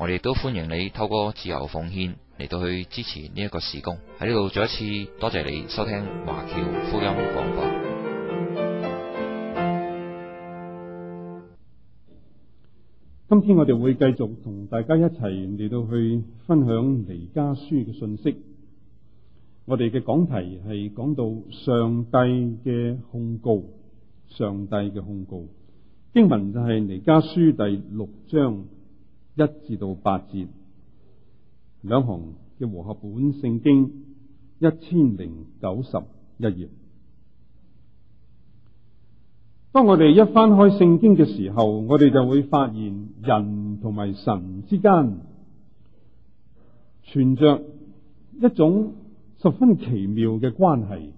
我哋都歡迎你透過自由奉獻嚟到去支持呢一個事工。喺呢度再一次多謝你收聽華僑福音廣播。今天我哋會繼續同大家一齊嚟到去分享彌迦書嘅信息。我哋嘅講題係講到上帝嘅控告，上帝嘅控告，經文就係彌迦書第六章，一至到八節，兩行嘅和合本聖經一千零九十一頁。當我哋一翻開聖經嘅時候，我哋就會發現人同埋神之間存着一種十分奇妙嘅關係。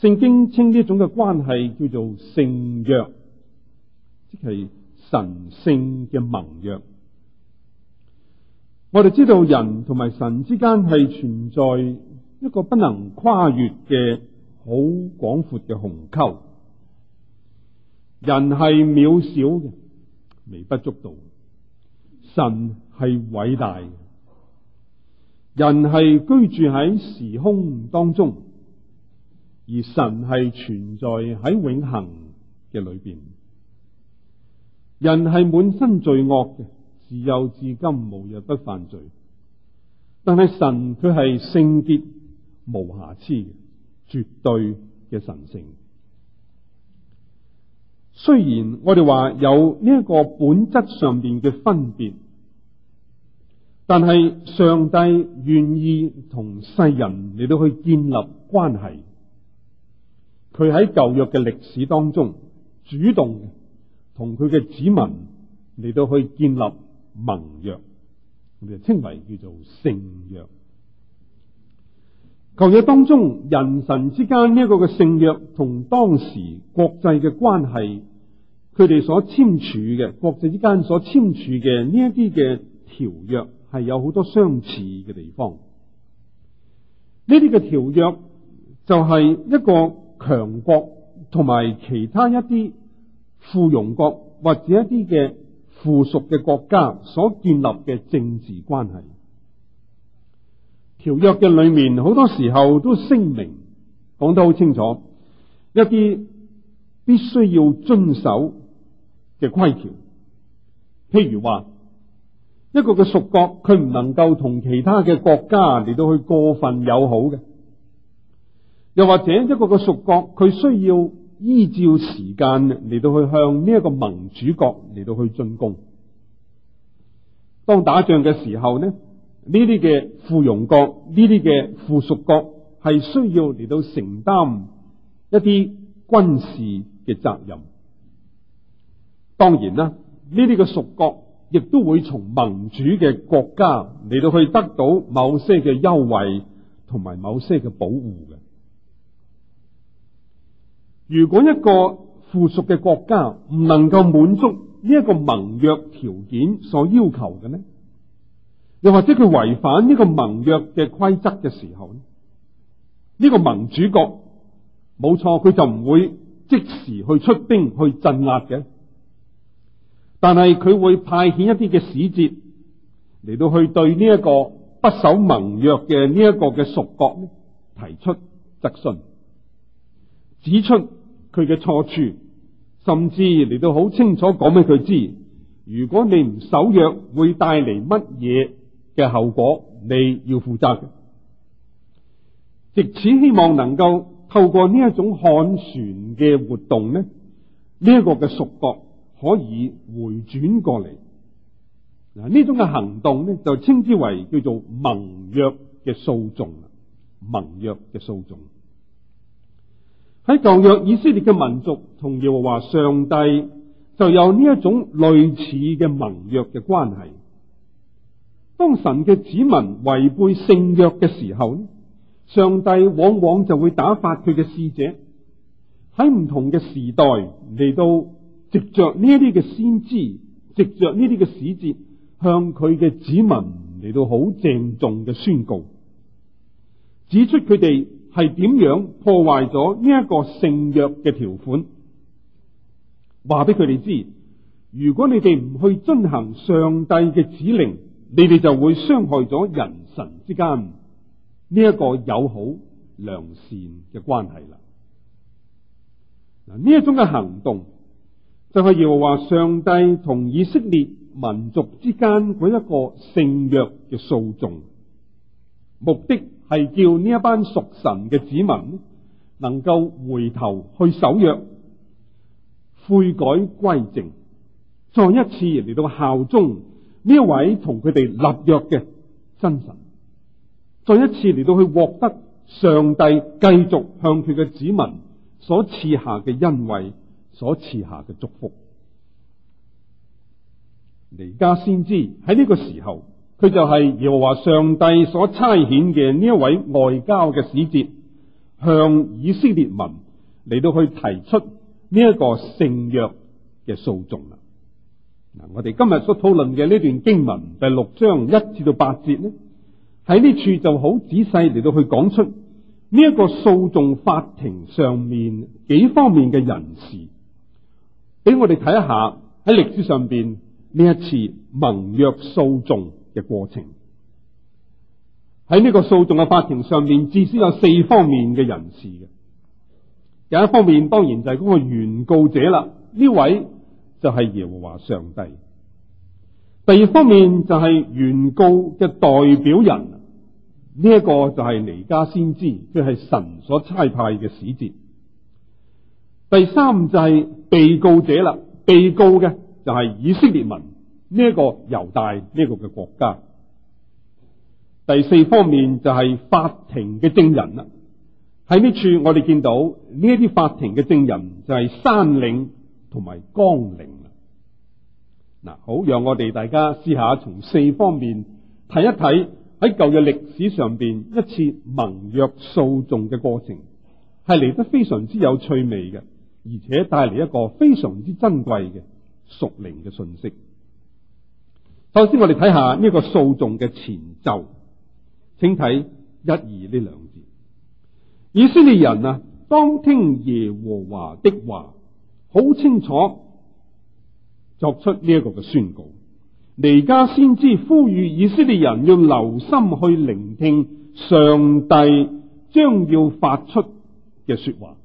聖經稱呢一種嘅關係叫做聖約，即係。神聖嘅盟約，我哋知道人同埋神之間係存在一個不能跨越嘅好廣闊嘅鴻溝。人係渺小嘅，微不足道；神係偉大嘅。人係居住喺時空當中，而神係存在喺永恆嘅裏邊。人係滿身罪惡嘅，自幼至今無日不犯罪。但係神佢係聖潔、無瑕疵嘅，絕對嘅神聖。雖然我哋話有呢一個本質上面嘅分別，但係上帝願意同世人嚟到去建立關係。佢喺舊約嘅歷史當中主動。同佢嘅子民嚟到去建立盟約，佢哋就稱為叫做聖約。舊約當中，人神之間呢一個嘅聖約，同當時國際嘅關係，佢哋所簽署嘅國際之間所簽署嘅呢一啲嘅條約，係有好多相似嘅地方。呢啲嘅條約就係一個強國同埋其他一啲。附庸國或者一啲嘅附屬嘅國家所建立嘅政治關係條約嘅裏面，好多時候都聲明講得好清楚，一啲必須要遵守嘅規條。譬如話一個嘅屬國，佢唔能夠同其他嘅國家嚟到去過分友好嘅，又或者一個嘅屬國，佢需要。依照時間嚟到去向呢一個盟主國嚟到去進攻。當打仗嘅時候呢，呢啲嘅附庸國、呢啲嘅附屬國係需要嚟到承擔一啲軍事嘅責任。當然啦，呢啲嘅屬國亦都會從盟主嘅國家嚟到去得到某些嘅優惠同埋某些嘅保護嘅。如果一個附屬嘅國家唔能夠滿足呢一個盟約條件所要求嘅呢，又或者佢違反呢個盟約嘅規則嘅時候呢，呢個盟主國冇錯，佢就唔會即時去出兵去鎮壓嘅，但係佢會派遣一啲嘅使節嚟到去對呢一個不守盟約嘅呢一個嘅屬國呢提出質詢，指出佢嘅錯處，甚至嚟到好清楚講俾佢知。如果你唔守約，會帶嚟乜嘢嘅後果？你要負責嘅。藉此，希望能夠透過呢一種看船嘅活動呢，呢、呢、一個嘅屬國可以回轉過嚟。嗱，呢種嘅行動呢，就稱之為叫做盟約嘅訴訟啦，盟約嘅訴訟。喺舊約，以色列嘅民族同耶和華上帝就有呢一種類似嘅盟約嘅關係。當神嘅子民違背聖約嘅時候，上帝往往就會打發佢嘅使者，喺唔同嘅時代嚟到藉着呢一啲嘅先知，藉着呢啲嘅使節，向佢嘅子民嚟到好鄭重嘅宣告，指出佢哋。係點樣破壞咗呢一個聖約嘅條款？話俾佢哋知，如果你哋唔去遵行上帝嘅指令，你哋就會傷害咗人神之間呢一個友好良善嘅關係啦。嗱，呢一種嘅行動就係要話上帝同以色列民族之間嗰一個聖約嘅訴訟目的。係叫呢一班屬神嘅子民能夠回頭去守約、悔改歸正，再一次嚟到效忠呢一位同佢哋立約嘅真神，再一次嚟到去獲得上帝繼續向佢嘅子民所賜下嘅恩惠、所賜下嘅祝福。而家先知喺呢個時候。佢就係耶和華上帝所差遣嘅呢一位外交嘅使節，向以色列民嚟到去提出呢一個聖約嘅訴訟啦。嗱，我哋今日所討論嘅呢段經文第六章一至到八節呢，喺呢處就好仔細嚟到去講出呢一個訴訟法庭上面幾方面嘅人士，俾我哋睇一下喺歷史上邊呢一次盟約訴訟嘅過程，喺呢個訴訟嘅法庭上面，至少有四方面嘅人士嘅。有一方面當然就係嗰個原告者啦，呢位就係耶和華上帝。第二方面就係原告嘅代表人，呢一個就係彌迦先知，佢係神所差派嘅使節。第三就係被告者啦，被告嘅就係以色列民。呢一個猶大呢個嘅國家，第四方面就係法庭嘅證人啦。喺呢處我哋見到呢啲法庭嘅證人就係山嶺同埋江嶺啦。嗱，好，讓我哋大家試下從四方面睇一睇喺舊約歷史上邊一次盟約訴訟嘅過程，係嚟得非常之有趣味嘅，而且帶嚟一個非常之珍貴嘅屬靈嘅信息。首先，我哋睇下呢個訴訟嘅前奏，請睇一二呢兩節。以色列人啊，當聽耶和華的話，好清楚作出呢一個嘅宣告。彌迦先知呼籲以色列人要留心去聆聽上帝將要發出嘅說話。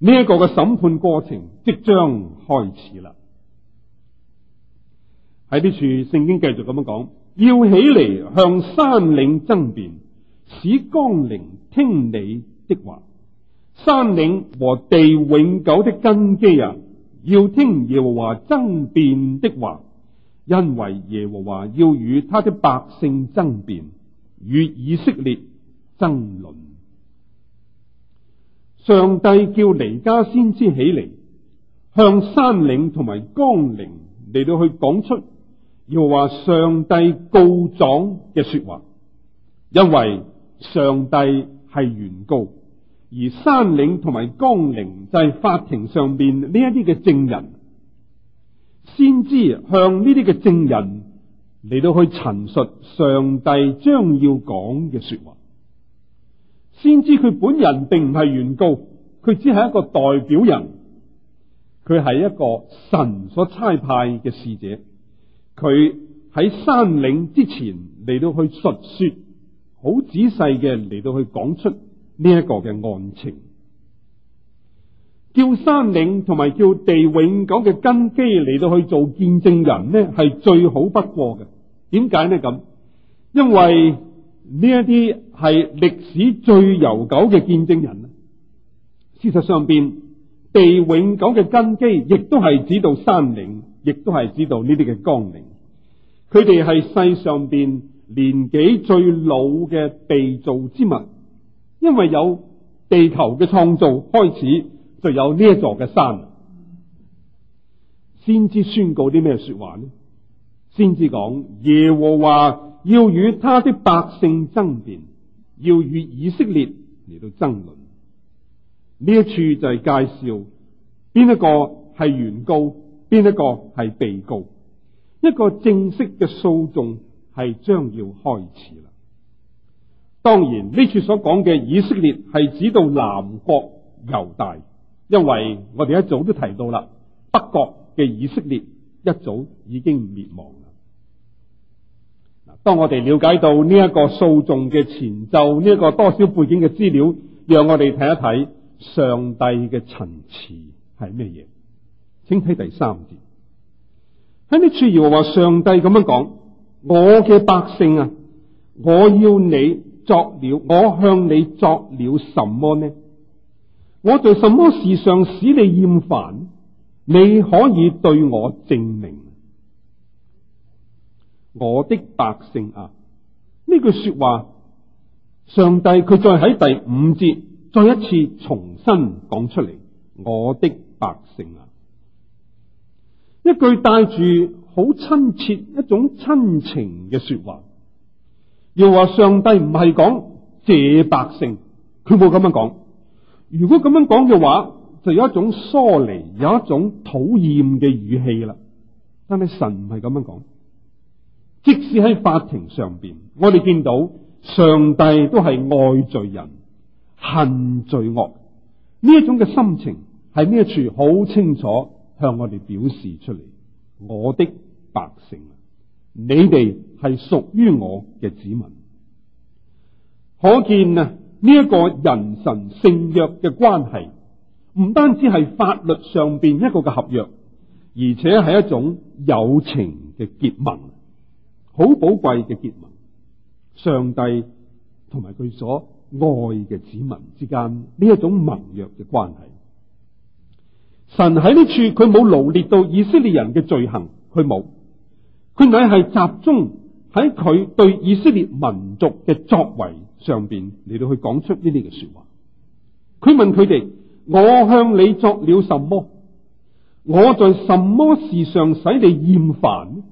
呢、這、一個嘅審判過程即將開始啦。喺呢處，聖經繼續咁樣講：要起嚟向山嶺爭辯，使岡陵聽你的話。山嶺和地永久的根基啊，要聽耶和華爭辯的話，因為耶和華要與他的百姓爭辯，與以色列爭論。上帝叫彌迦先知起嚟，向山嶺同埋岡陵嚟到去講出要話上帝告狀嘅說話，因為上帝係原告，而山嶺同埋江陵就係法庭上邊呢一啲嘅證人，先知向呢啲嘅證人嚟到去陳述上帝將要講嘅說話。先知佢本人並唔係原告，佢只係一個代表人，佢係一個神所差派嘅使者。佢喺山嶺之前嚟到去述說，好仔細嘅嚟到去講出呢一個嘅案情，叫山嶺同埋叫地永久嘅根基嚟到去做見證人呢係最好不過嘅。點解呢咁？因為呢一啲係歷史最悠久嘅見證人。事實上邊，地永久嘅根基亦都係指到山嶺，亦都係指到呢啲嘅光靈。佢哋係世上邊年紀最老嘅被造之物，因為有地球嘅創造開始，就有呢一座嘅山，先知宣告啲咩說話呢？先知講，耶和華要與他的百姓爭辯，要與以色列嚟到爭論。呢一處就係介紹邊一個係原告，邊一個係被告。一個正式嘅訴訟係將要開始啦。當然呢處所講嘅以色列係指到南國猶大，因為我哋一早都提到啦，北國嘅以色列一早已經滅亡啦。當我哋了解到呢一個訴訟嘅前奏，呢一個多少背景嘅資料，讓我哋睇一睇上帝嘅陳詞係咩嘢。請睇第三節。喺呢處，要話上帝咁樣講：我嘅百姓啊，我要你作了，我向你作了什麼呢？我做什麼事上使你厭煩？你可以對我證明，我的百姓啊！呢句說話，上帝佢再喺第五節再一次重新講出嚟：我的百姓啊！一句帶住好親切、一種親情嘅說話，又話上帝唔係講謝百姓，佢冇咁樣講。如果咁樣講嘅話，就有一種疏離、有一種討厭嘅語氣啦。但係神唔係咁樣講，即使喺法庭上邊，我哋見到上帝都係愛罪人、恨罪惡呢一種嘅心情，係呢一處好清楚。向我哋表示出嚟，我的百姓，啊，你哋係屬於我嘅子民。可見啊，呢、這、一個人神聖約嘅關係，唔單止係法律上邊一個嘅合約，而且係一種友情嘅結盟，好寶貴嘅結盟。上帝同埋佢所愛嘅子民之間呢一種盟約嘅關係。神喺呢處佢冇羅列到以色列人嘅罪行，佢冇，佢乃係集中喺佢對以色列民族嘅作為上面嚟到去講出呢啲嘅說話。佢問佢哋：我向你作了什麼？我在什麼事上使你厭煩？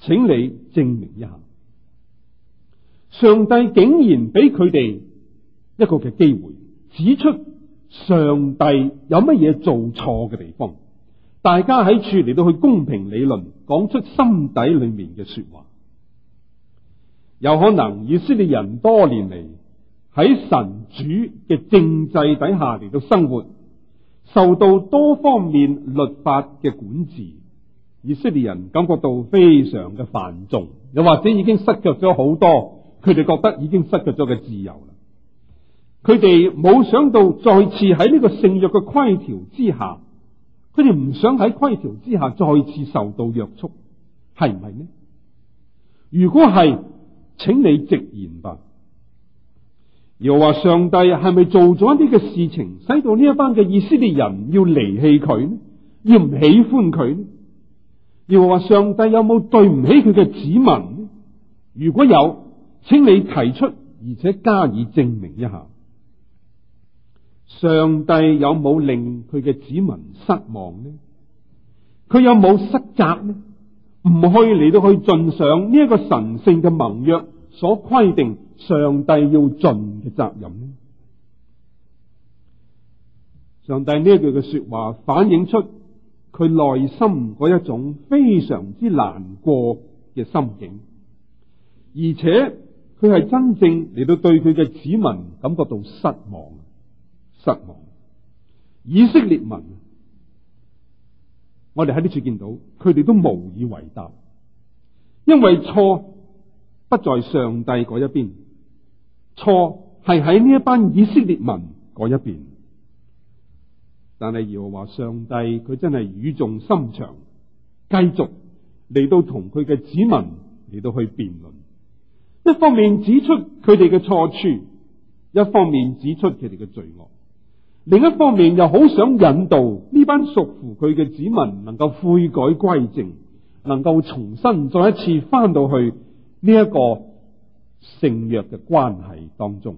請你證明一下。上帝竟然俾佢哋一個嘅機會，指出。上帝有乜嘢做錯嘅地方？大家喺處嚟到去公平理論，講出心底裏面嘅說話。有可能以色列人多年嚟喺神主嘅政制底下嚟到生活，受到多方面律法嘅管治。以色列人感覺到非常嘅繁重，又或者已經失卻咗好多，佢哋覺得已經失卻咗嘅自由喇。佢哋冇想到再次喺呢個聖約嘅規條之下，佢哋唔想喺規條之下再次受到約束，係唔係咩？如果係，請你直言吧。又話上帝係咪做咗一啲嘅事情，使到呢一班嘅以色列人要離棄佢，要唔喜歡佢？又話上帝有冇對唔起佢嘅子民？如果有，請你提出而且加以證明一下。上帝有冇令佢嘅子民失望呢？佢有冇失責呢？唔可以嚟到去盡上呢一個神聖嘅盟約所規定上帝要盡嘅責任呢？上帝呢一句嘅說話，反映出佢內心嗰一種非常之難過嘅心境，而且佢係真正嚟到對佢嘅子民感覺到失望。失望，以色列民，我哋喺呢處見到，佢哋都無以為答，因為錯不在上帝嗰一邊，錯係喺呢一班以色列民嗰一邊。但係，如果話上帝佢真係語重心長，繼續嚟到同佢嘅子民嚟到去辯論，一方面指出佢哋嘅錯處，一方面指出佢哋嘅罪惡。另一方面，又好想引導呢班屬乎佢嘅子民，能夠悔改歸正，能夠重新再一次翻到去呢一個聖約嘅關係當中。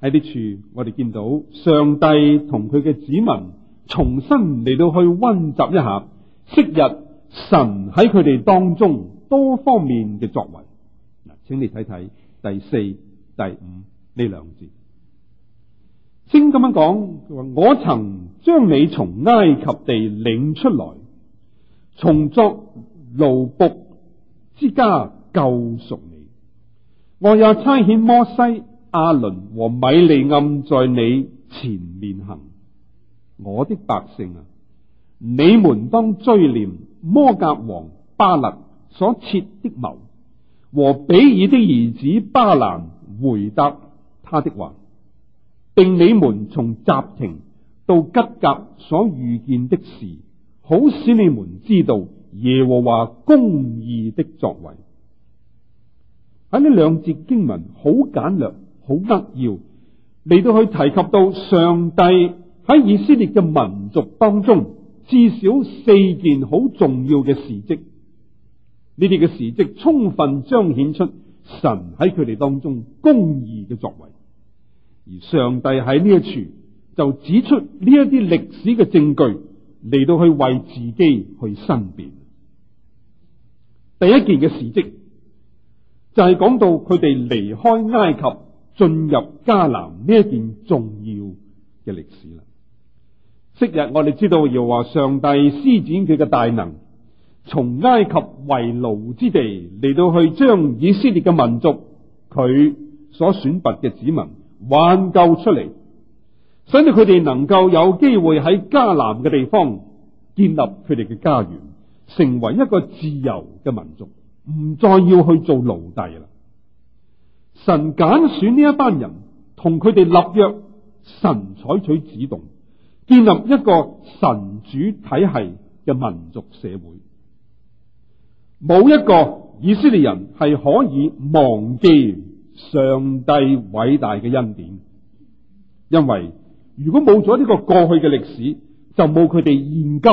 喺呢處，我哋見到上帝同佢嘅子民重新嚟到去溫習一下昔日神喺佢哋當中多方面嘅作為。嗱，請你睇睇第四、第五呢兩節。先咁樣講，我曾將你從埃及地領出來，從作奴僕之家救贖你。我有差遣摩西、阿倫和米利暗在你前面行。我的百姓啊，你們當追念摩格王巴勒所設的謀，和比爾的兒子巴蘭回答他的話。令你們從什亭到吉甲所遇見的事，好使你們知道耶和華公義的作為。喺呢兩節經文好簡略，好扼要，嚟到去提及到上帝喺以色列嘅民族當中至少四件好重要嘅事蹟。呢啲嘅事蹟充分彰顯出神喺佢哋當中公義嘅作為。而上帝喺呢一處就指出呢一啲歷史嘅證據，嚟到去為自己去申辯。第一件嘅事蹟就係、是、講到佢哋離開埃及進入迦南呢一件重要嘅歷史啦。昔日我哋知道又話上帝施展佢嘅大能，從埃及為奴之地，嚟到去將以色列嘅民族，佢所選拔嘅子民，挽救出嚟，使到佢哋能夠有機會喺迦南嘅地方建立佢哋嘅家園，成為一個自由嘅民族，唔再要去做奴隸啦。神揀選呢一班人，同佢哋立約，神採取主動，建立一個神主體系嘅民族社會。冇一個以色列人係可以忘記。上帝偉大嘅恩典，因為如果冇咗呢個過去嘅歷史，就冇佢哋現今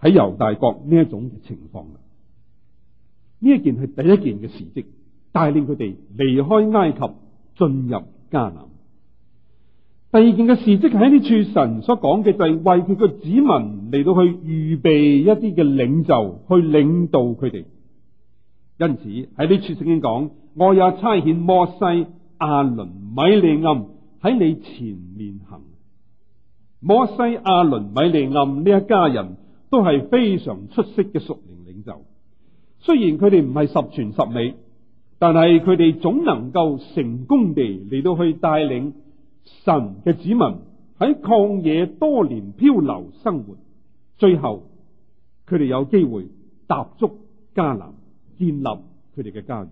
喺猶大國呢一種嘅情況。呢一件係第一件嘅事蹟，帶領佢哋離開埃及，進入迦南。第二件嘅事蹟喺呢處，神所講嘅就係為佢嘅子民嚟到去預備一啲嘅領袖去領導佢哋。因此喺呢處聖經講。我也差遣摩西、亞倫、米利暗喺你前面行。摩西、亞倫、米利暗呢一家人都係非常出色嘅屬靈領袖，雖然佢哋唔係十全十美，但係佢哋總能夠成功地嚟到去帶領神嘅子民喺曠野多年漂流生活，最後佢哋有機會踏足迦南，建立佢哋嘅家園。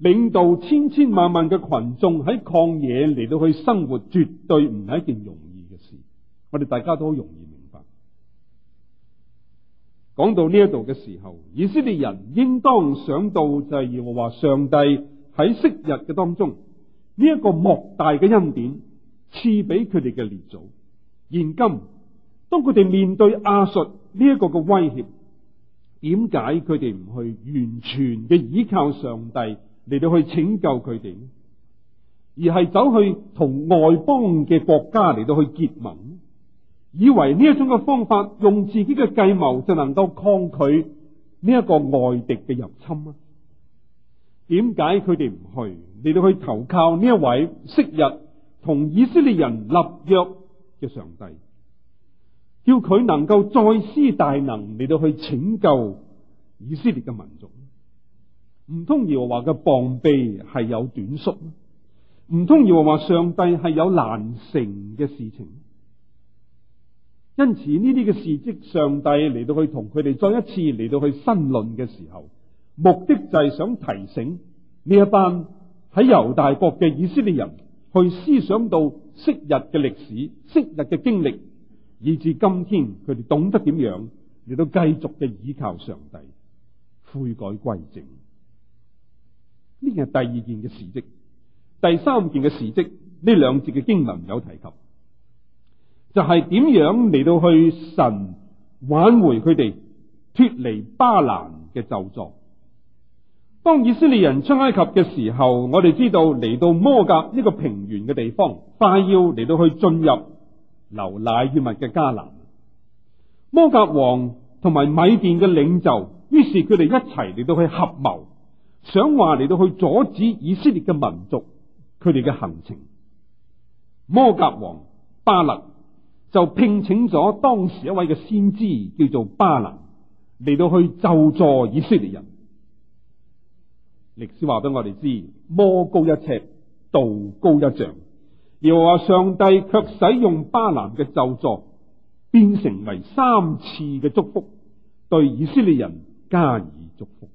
領導千千萬萬嘅群眾喺曠野嚟到去生活，絕對唔係一件容易嘅事。我哋大家都好容易明白。講到呢一度嘅時候，以色列人應當想到就係話上帝喺昔日嘅當中呢一個莫大嘅恩典賜俾佢哋嘅列祖。現今當佢哋面對亞述呢一個嘅威脅，點解佢哋唔去完全嘅依靠上帝？嚟到去拯救佢哋，而係走去同外邦嘅國家嚟到去結盟，以為呢一種嘅方法，用自己嘅計謀就能夠抗拒呢一個外敵嘅入侵啊？點解佢哋唔去嚟到去投靠呢一位昔日同以色列人立約嘅上帝，叫佢能夠再施大能嚟到去拯救以色列嘅民族。唔通耶和華嘅膀臂係有短縮？唔通耶和華上帝係有難成嘅事情？因此呢啲嘅事蹟，上帝嚟到去同佢哋再一次嚟到去申論嘅時候，目的就係想提醒呢一班喺猶大國嘅以色列人，去思想到昔日嘅歷史、昔日嘅經歷，以至今天佢哋懂得點樣嚟到繼續嘅倚靠上帝，悔改歸正。呢件係第二件嘅事蹟，第三件嘅事蹟，呢兩節嘅經文有提及，就係、是、點樣嚟到去神挽回佢哋脫離巴蘭嘅咒詛。當以色列人出埃及嘅時候，我哋知道嚟到摩格呢個平原嘅地方，快要嚟到去進入流奶與蜜嘅迦南。摩格王同埋米甸嘅領袖，於是佢哋一齊嚟到去合謀。想話嚟到去阻止以色列嘅民族，佢哋嘅行程。摩押王巴勒就聘請咗當時一位嘅先知，叫做巴蘭，嚟到去咒詛以色列人。歷史話俾我哋知，魔高一尺，道高一丈。又話上帝卻使用巴蘭嘅咒詛，變成為三次嘅祝福，對以色列人加以祝福。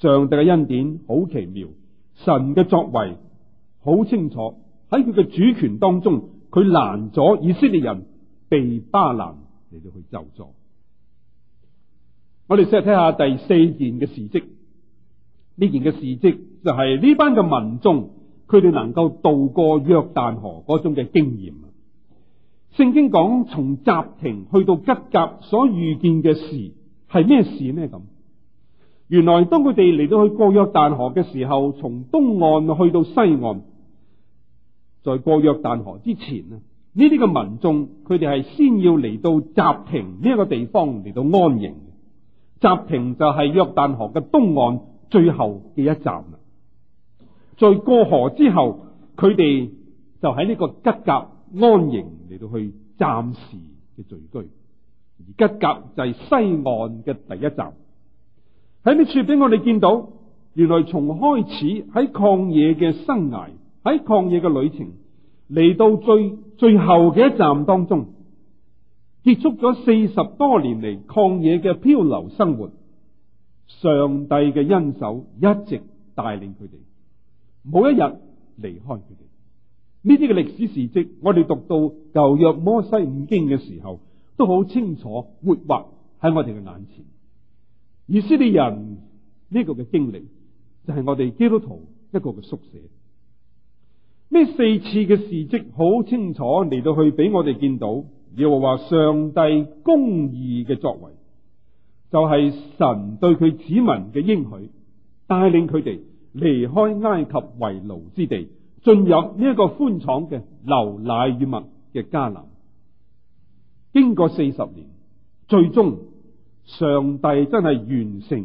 上帝嘅恩典好奇妙，神嘅作為好清楚，喺佢嘅主權當中，佢攔咗以色列人被巴蘭嚟到去咒詛。我哋先嚟睇下第四件嘅事跡，呢件嘅事跡就係呢班嘅民眾，佢哋能夠渡過約旦河嗰種嘅經驗。聖經講從什亭去到吉甲所遇見嘅事係咩事呢？咁？原來當佢哋嚟到去過約旦河嘅時候，從東岸去到西岸，在過約旦河之前呢，呢啲嘅民眾佢哋係先要嚟到什亭呢一個地方嚟到安營。什亭，就係約旦河嘅東岸最後嘅一站啦。在過河之後，佢哋就喺呢個吉甲安營嚟到去暫時嘅聚居。而吉甲就係西岸嘅第一站。喺呢處俾我哋見到，原來從開始喺曠野嘅生涯，喺曠野嘅旅程，嚟到最最後嘅一站當中，結束咗四十多年嚟曠野嘅漂流生活，上帝嘅恩手一直帶領佢哋，冇一日離開佢哋。呢啲嘅歷史事迹，我哋讀到《舊約摩西五經》嘅時候，都好清楚活畫喺我哋嘅眼前。以色列人呢，這個嘅經歷就係、是、我哋基督徒一個嘅宿舍呢，四次嘅事跡好清楚嚟到去俾我哋見到，又話上帝公義嘅作為，就係、是、神對佢子民嘅應許，帶領佢哋離開埃及為奴之地，進入呢一個寬敞嘅流奶與蜜嘅迦南，經過四十年，最終。上帝真係完成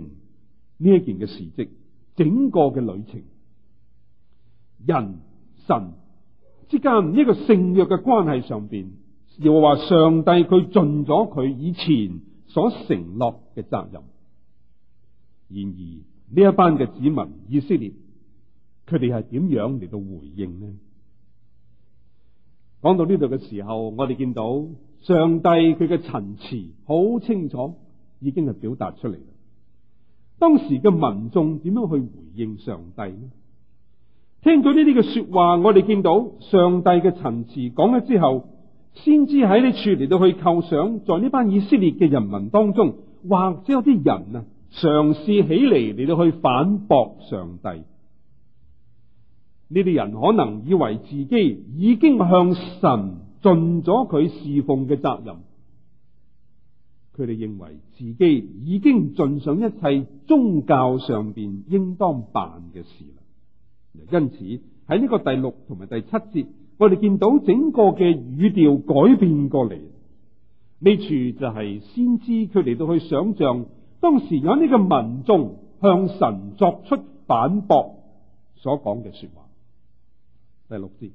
呢一件嘅事跡，整個嘅旅程，人神之間呢個聖約嘅關係上邊，又話上帝佢盡咗佢以前所承諾嘅責任。然而呢一班嘅子民以色列，佢哋係點樣嚟到回應呢？講到呢度嘅時候，我哋見到上帝佢嘅陳詞好清楚。已經係表達出嚟。當時嘅民眾點樣去回應上帝呢？聽到呢啲嘅說話，我哋見到上帝嘅陳詞講咗之後，先知喺呢處嚟到去構想，在呢班以色列嘅人民當中，或者有啲人啊，嘗試起嚟嚟到去反駁上帝。呢啲人可能以為自己已經向神盡咗佢侍奉嘅責任。佢哋認為自己已經盡上一切宗教上邊應當辦嘅事啦。因此，喺呢個第六同埋第七節，我哋見到整個嘅語調改變過嚟。呢處就係先知佢哋都去想象當時有呢個民眾向神作出反駁所講嘅說話。第六節，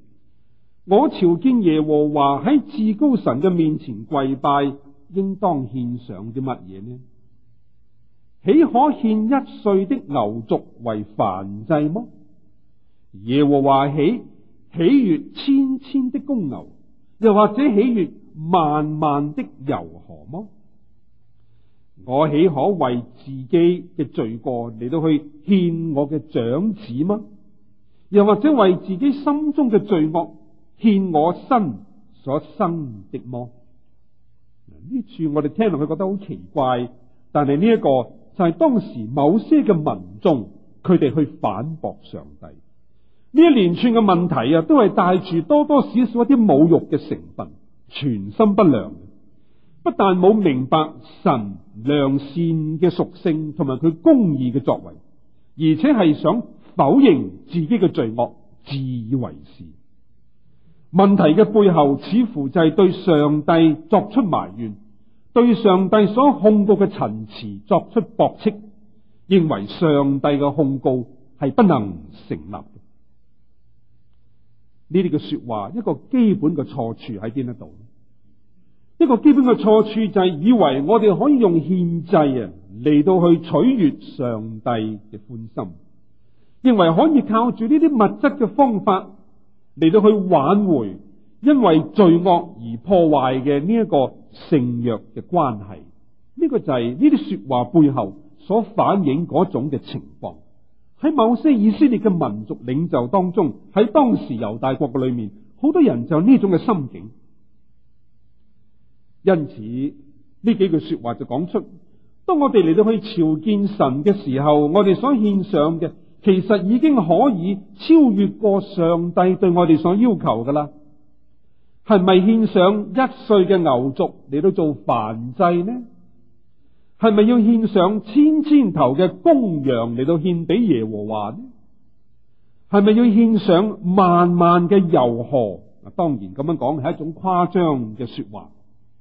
我朝見耶和華，喺至高神嘅面前跪拜。應當獻上啲乜嘢呢？豈可獻一歲的牛犢為燔祭麼？耶和華喜喜悦千千的公牛，又或者喜悦萬萬的油河麼？我豈可為自己嘅罪過嚟到去獻我嘅長子麼？又或者為自己心中嘅罪惡獻我身所生的麼？呢處我哋聽落去覺得好奇怪，但係呢一個就係當時某些嘅民眾，佢哋去反駁上帝呢一連串嘅問題啊，都係帶住多多少少一啲侮辱嘅成分，存心不良，不但冇明白神良善嘅屬性同埋佢公義嘅作為，而且係想否認自己嘅罪惡，自以為是。問題嘅背後似乎就係對上帝作出埋怨，對上帝所控告嘅陳詞作出駁斥，認為上帝嘅控告係不能成立的。呢啲嘅說話一個基本嘅錯處喺邊一度？一個基本嘅錯處就係以為我哋可以用獻祭啊嚟到去取悅上帝嘅歡心，認為可以靠住呢啲物質嘅方法。嚟到去挽回，因為罪惡而破壞嘅呢一個聖約嘅關係，呢個就係呢啲說話背後所反映嗰種嘅情況。喺某些以色列嘅民族領袖當中，喺當時猶大國嘅裏面，好多人就呢種嘅心境。因此呢幾句說話就講出，當我哋嚟到去朝見神嘅時候，我哋所獻上嘅。其實已經可以超越過上帝對我哋所要求噶啦。係咪獻上一歲嘅牛犢，嚟到做燔祭呢？係咪要獻上千千頭嘅公羊嚟到獻俾耶和華呢？係咪要獻上萬萬嘅油河？嗱，當然咁樣講係一種誇張嘅說話，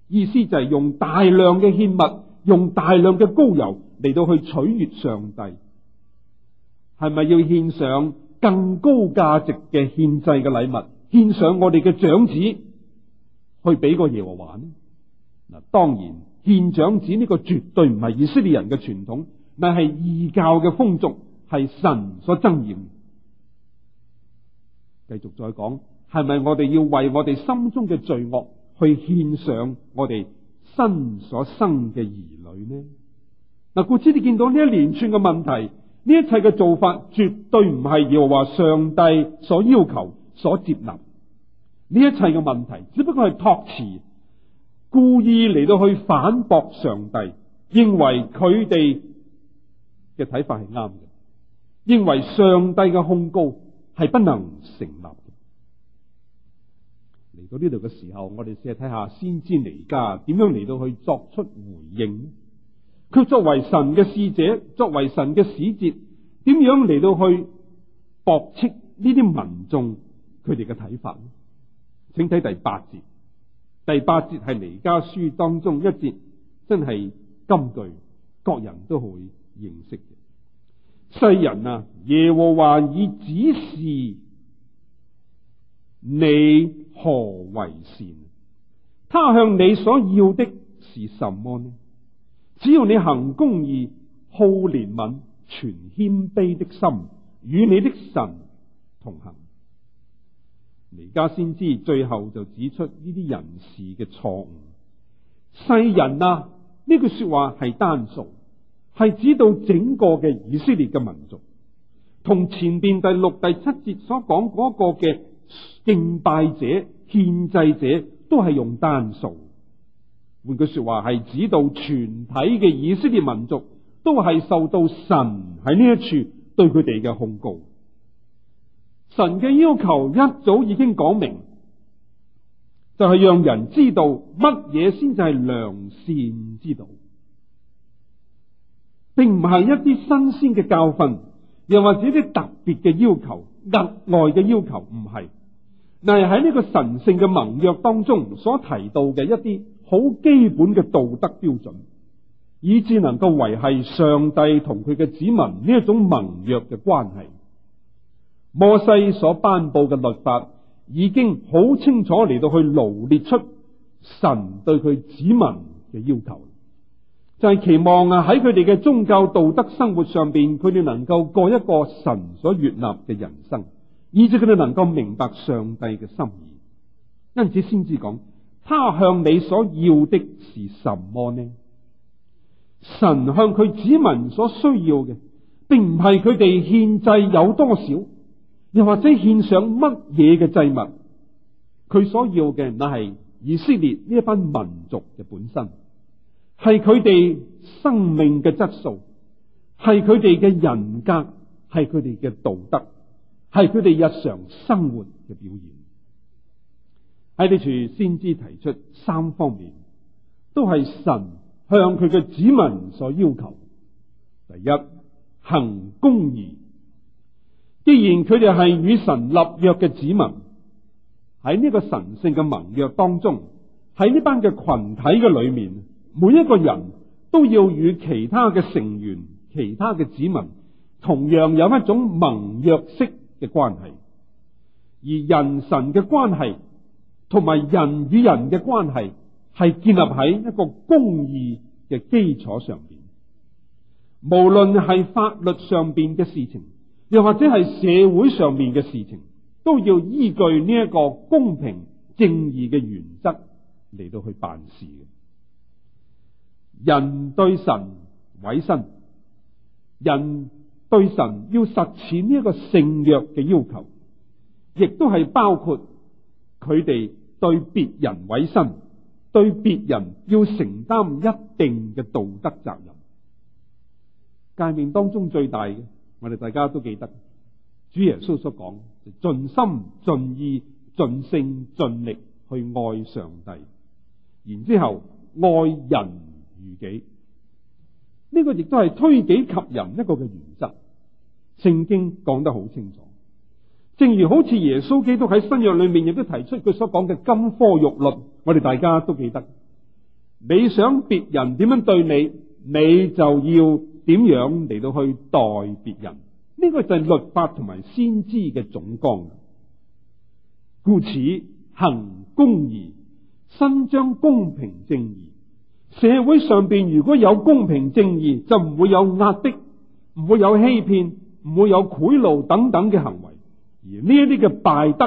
意思就係用大量嘅獻物，用大量嘅膏油嚟到去取悦上帝。係咪要獻上更高價值嘅獻祭嘅禮物？獻上我哋嘅長子去俾個耶和華呢？嗱，當然獻長子呢個絕對唔係以色列人嘅傳統，但係異教嘅風俗係神所憎厭。繼續再講，係咪我哋要為我哋心中嘅罪惡去獻上我哋身所生嘅兒女呢？嗱，故此你見到呢一連串嘅問題。呢一切嘅做法絕對唔係要話上帝所要求、所接納。呢一切嘅問題只不過係託詞，故意嚟到去反駁上帝，認為佢哋嘅睇法係啱嘅，認為上帝嘅控告係不能成立嘅。嚟到呢度嘅時候，我哋試下睇下先知彌迦點樣嚟到去作出回應。佢作為神嘅使者，作為神嘅使節，點樣嚟到去駁斥呢啲民眾佢哋嘅睇法呢？請睇第八節，第八節係彌迦書當中一節真係金句，各人都會認識嘅。世人啊，耶和華已指示你何為善，他向你所要的是什麼呢？只要你行公義、好憐憫、存謙卑的心，與你的神同行。而家先知最後就指出呢啲人士嘅錯誤。世人啊，呢句說話係單數，係指到整個嘅以色列嘅民族，同前面第六、第七節所講嗰個嘅敬拜者、獻祭者，都係用單數。換句說話，係指到全體嘅以色列民族都係受到神喺呢一處對佢哋嘅控告。神嘅要求一早已經講明，就係、是、讓人知道乜嘢先至係良善之道，並唔係一啲新鮮嘅教訓，又或者一啲特別嘅要求，額外嘅要求，唔係，但係喺呢個神聖嘅盟約當中所提到嘅一啲好基本嘅道德標準，以致能夠維繫上帝同佢嘅子民呢一種盟約嘅關係。摩西所頒布嘅律法已經好清楚嚟到去羅列出神對佢子民嘅要求，就係、是、期望啊喺佢哋嘅宗教道德生活上邊，佢哋能夠過一個神所悅納嘅人生，以致佢哋能夠明白上帝嘅心意，因此先至講。他向你所要的是什麼呢？神向佢子民所需要嘅，並唔係佢哋獻祭有多少，又或者獻上乜嘢嘅祭物。佢所要嘅，乃係以色列呢一班民族嘅本身，係佢哋生命嘅質素，係佢哋嘅人格，係佢哋嘅道德，係佢哋日常生活嘅表現。喺呢處，先知提出三方面，都係神向佢嘅子民所要求。第一，行公義。既然佢哋係與神立約嘅子民，喺呢個神聖嘅盟約當中，喺呢班嘅群體嘅裏面，每一個人都要與其他嘅成員、其他嘅子民，同樣有一種盟約式嘅關係，而人神嘅關係。同埋人與人嘅關係係建立喺一個公義嘅基礎上邊，無論係法律上邊嘅事情，又或者係社會上面嘅事情，都要依據呢一個公平正義嘅原則嚟到去辦事嘅。人對神委身，人對神要實踐呢一個聖約嘅要求，亦都係包括佢哋。對別人委身，對別人要承擔一定嘅道德責任。誡命當中最大嘅，我哋大家都記得，主耶穌所講，盡心、盡意、盡性、盡力去愛上帝，然之後愛人如己。呢、這個亦都係推己及人一個嘅原則。聖經講得好清楚。正如好似耶穌基督喺新約裏面亦都提出佢所講嘅金科玉律，我哋大家都記得。你想別人點樣對你，你就要點樣嚟到去待別人。呢、這個就係律法同埋先知嘅總綱。故此行公義，伸張公平正義。社會上邊如果有公平正義，就唔會有壓迫，唔會有欺騙，唔會有賄賂等等嘅行為。而呢一啲嘅敗德，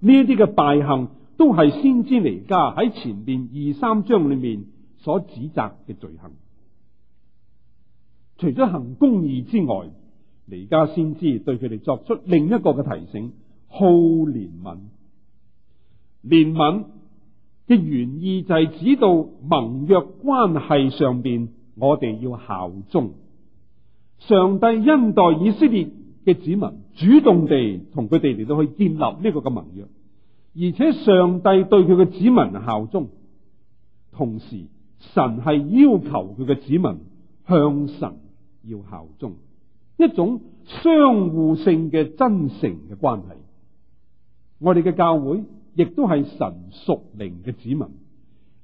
呢一啲嘅敗行，都係先知彌迦喺前面二三章裏面所指責嘅罪行。除咗行公義之外，彌迦先知對佢哋作出另一個嘅提醒：好憐憫，憐憫嘅原意就係指到盟約關係上邊，我哋要效忠上帝恩待以色列嘅子民主動地同佢哋嚟到去建立呢個咁盟約，而且上帝對佢嘅子民效忠，同時神係要求佢嘅子民向神要效忠，一種相互性嘅真誠嘅關係。我哋嘅教會亦都係神屬靈嘅子民，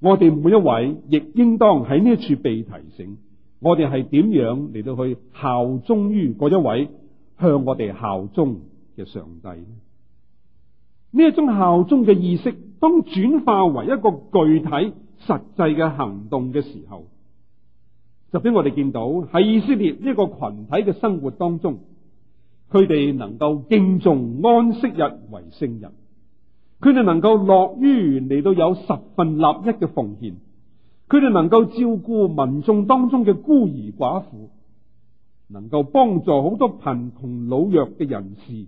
我哋每一位亦應當喺呢一處被提醒，我哋係點樣嚟到去效忠於嗰一位。向我哋效忠嘅上帝，呢一種效忠嘅意識，當轉化為一個具體實際嘅行動嘅時候，就俾我哋見到喺以色列呢一個群體嘅生活當中，佢哋能夠敬重安息日為聖日，佢哋能夠樂於嚟到有十分立一嘅奉獻，佢哋能夠照顧民眾當中嘅孤兒寡婦。能夠幫助好多貧窮老弱嘅人士，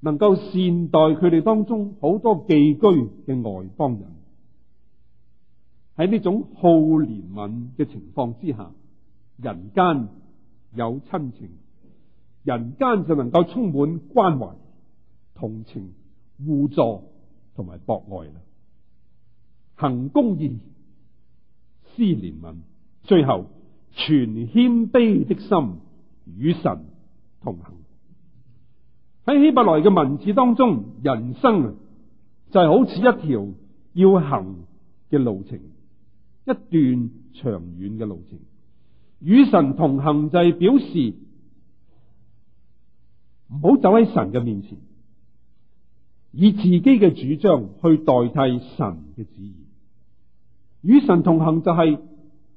能夠善待佢哋當中好多寄居嘅外邦人。喺呢種好憐憫嘅情況之下，人間有親情，人間就能夠充滿關懷、同情、互助同埋博愛啦。行公義、施憐憫，最後。存謙卑的心，與神同行。喺希伯來嘅文字當中，人生就係好似一條要行嘅路程，一段長遠嘅路程。與神同行就係表示唔好走喺神嘅面前，以自己嘅主張去代替神嘅旨意。與神同行就係、是。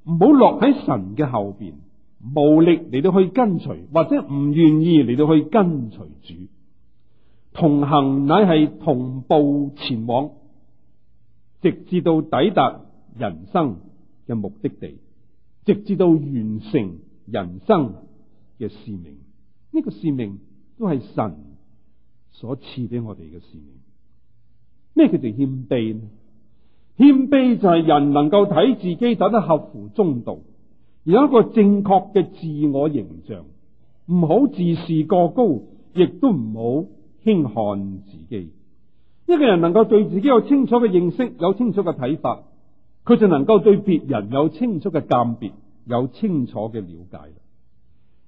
唔好落喺神嘅後邊，無力嚟到去跟隨，或者唔願意嚟到去跟隨主。同行乃係同步前往，直至到抵達人生嘅目的地，直至到完成人生嘅使命。呢、這個使命都係神所賜俾我哋嘅使命。咩叫做謙卑呢？謙卑就係人能夠睇自己走得合乎中道，有一個正確嘅自我形象，唔好自視過高，亦都唔好輕看自己。一個人能夠對自己有清楚嘅認識，有清楚嘅睇法，佢就能夠對別人有清楚嘅鑒別，有清楚嘅了解。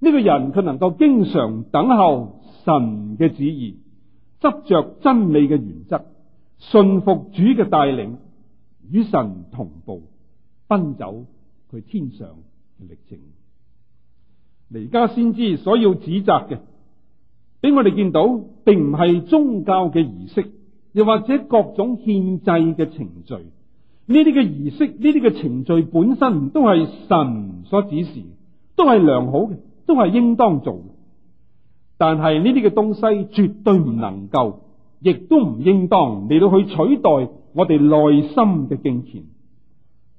呢個人佢能夠經常等候神嘅旨意，執着真理嘅原則，信服主嘅帶領。與神同步奔走佢天上嘅歷程，而家先知所要指責嘅，俾我哋見到，並唔係宗教嘅儀式，又或者各種獻祭嘅程序。呢啲嘅儀式，呢啲嘅程序本身都係神所指示，都係良好嘅，都係應當做的。但係呢啲嘅東西絕對唔能夠，亦都唔應當嚟到去取代。我哋內心嘅敬虔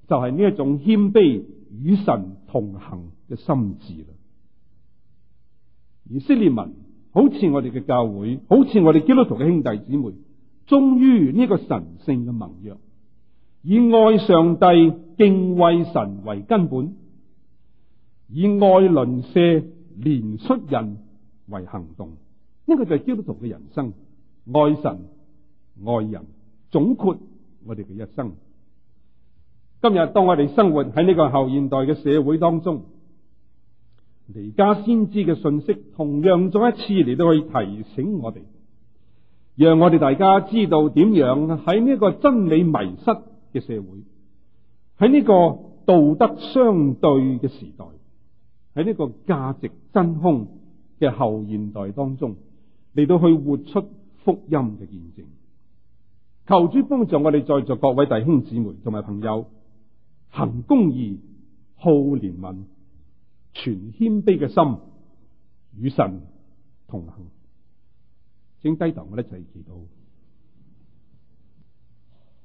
就係呢一種謙卑與神同行嘅心智啦。而以色列民好似我哋嘅教會，好似我哋基督徒嘅兄弟姊妹，忠於呢個神聖嘅盟約，以愛上帝、敬畏神為根本，以愛鄰舍、憐恤人為行動。呢、這個就係基督徒嘅人生，愛神、愛人。總括我哋嘅一生，今日當我哋生活喺呢個後現代嘅社會當中，彌迦先知嘅信息同樣再一次嚟到去以提醒我哋，讓我哋大家知道點樣喺呢個真理迷失嘅社會，喺呢個道德相對嘅時代，喺呢個價值真空嘅後現代當中，嚟到去活出福音嘅見證。求主幫助我哋在座各位弟兄姊妹同埋朋友，行公義、好憐憫、存謙卑嘅心，與神同行。請低頭我哋，一齊就祈禱。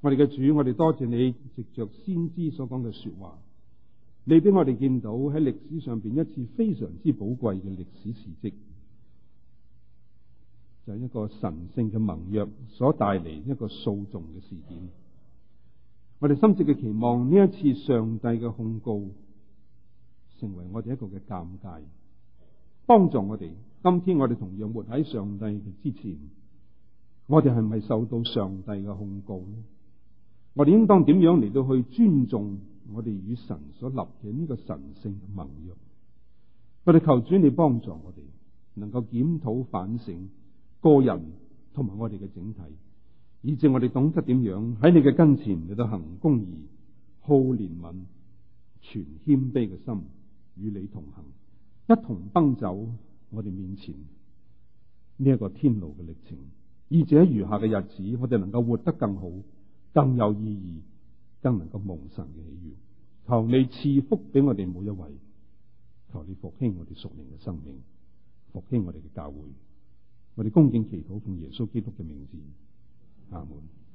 我哋嘅主，我哋多謝你，藉着先知所講嘅說話，你俾我哋見到喺歷史上邊一次非常之寶貴嘅歷史事跡。就係一個神聖嘅盟約所帶嚟一個訴訟嘅事件，我哋深切嘅期望呢一次上帝嘅控告，成為我哋一個嘅尷尬，幫助我哋。今天我哋同樣活喺上帝嘅之前，我哋係唔係受到上帝嘅控告呢？我哋應當點樣嚟到去尊重我哋與神所立嘅呢個神聖嘅盟約？我哋求主你幫助我哋，能夠檢討反省。個人同埋我哋嘅整體，以至我哋懂得點樣喺你嘅跟前嚟到行公義、好憐憫、存謙卑嘅心，與你同行，一同奔走我哋面前呢一個天路嘅歷程，以至喺餘下嘅日子，我哋能夠活得更好、更有意義、更能夠蒙神嘅喜悦。求你賜福俾我哋每一位，求你復興我哋屬靈嘅生命，復興我哋嘅教會。我哋恭敬祈禱，奉耶穌基督嘅名字，阿門。